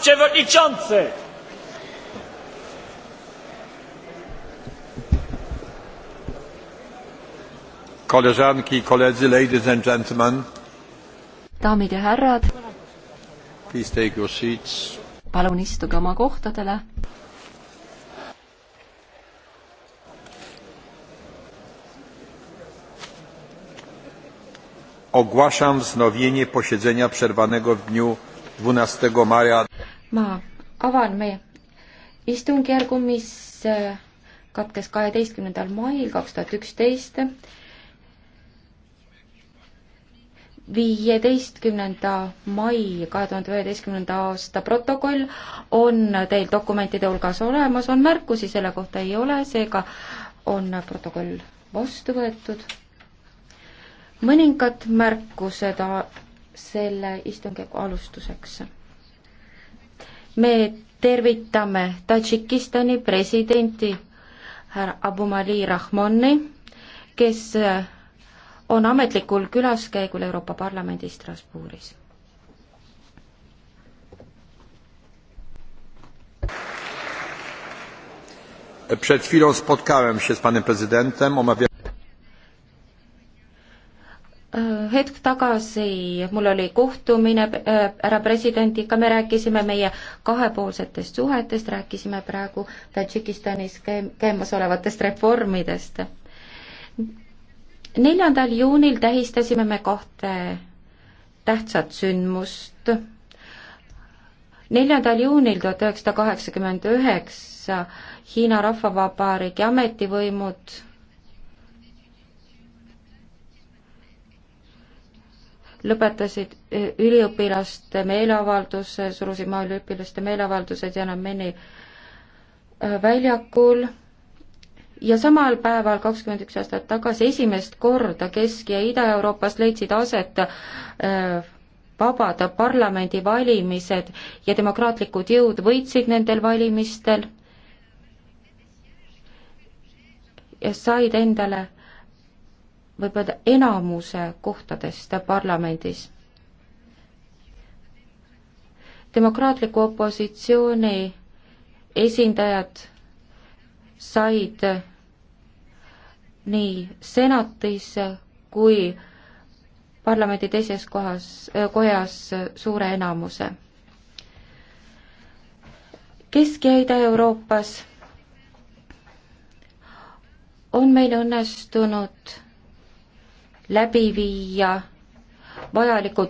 przewodniczący! Koleżanki i koledzy, ladies and gentlemen. Daamid ja härrad. Please take your seats. Palun istuge oma kohtadele. ogłaszam wznowienie posiedzenia przerwanego w dniu dwanaście maja ma avan meie istungjärgu, mis äh, katkes kaheteistkümnendal mail kaks tuhat üksteist. viieteistkümnenda mai kahe tuhande üheteistkümnenda aasta protokoll on teil dokumentide hulgas olemas, on märkusi selle kohta ei ole, seega on protokoll vastu võetud. mõningad märkused selle istungjärgu alustuseks me tervitame Tadžikistani presidenti härra Abumali Rahmoni, kes eh, on ametlikul külaskäigul Euroopa Parlamendi Strasbourgis. przed chwilą spotkałem się z panem prezydentem omawialiśmy Äh, hetk tagasi mul oli kohtumine äh, härra presidendiga, me rääkisime meie kahepoolsetest suhetest, rääkisime praegu Tadžikistanis käimasolevatest reformidest. neljandal juunil tähistasime me kahte tähtsat sündmust. neljandal juunil tuhat üheksasada kaheksakümmend üheksa Hiina Rahvavabariigi ametivõimud lõpetasid eh, üliõpilaste meeleavalduse, surusid maha üliõpilaste meeleavaldused Janameni eh, väljakul ja samal päeval, kakskümmend üks aastat tagasi, esimest korda Kesk- ja Ida-Euroopas leidsid aset eh, vabad parlamendivalimised ja demokraatlikud jõud võitsid nendel valimistel ja said endale võib öelda, enamuse kohtadest parlamendis. demokraatliku opositsiooni esindajad said nii senatis kui parlamendi teises kohas, kojas suure enamuse Kesk- ja Ida-Euroopas on meil õnnestunud läbi viia vajalikud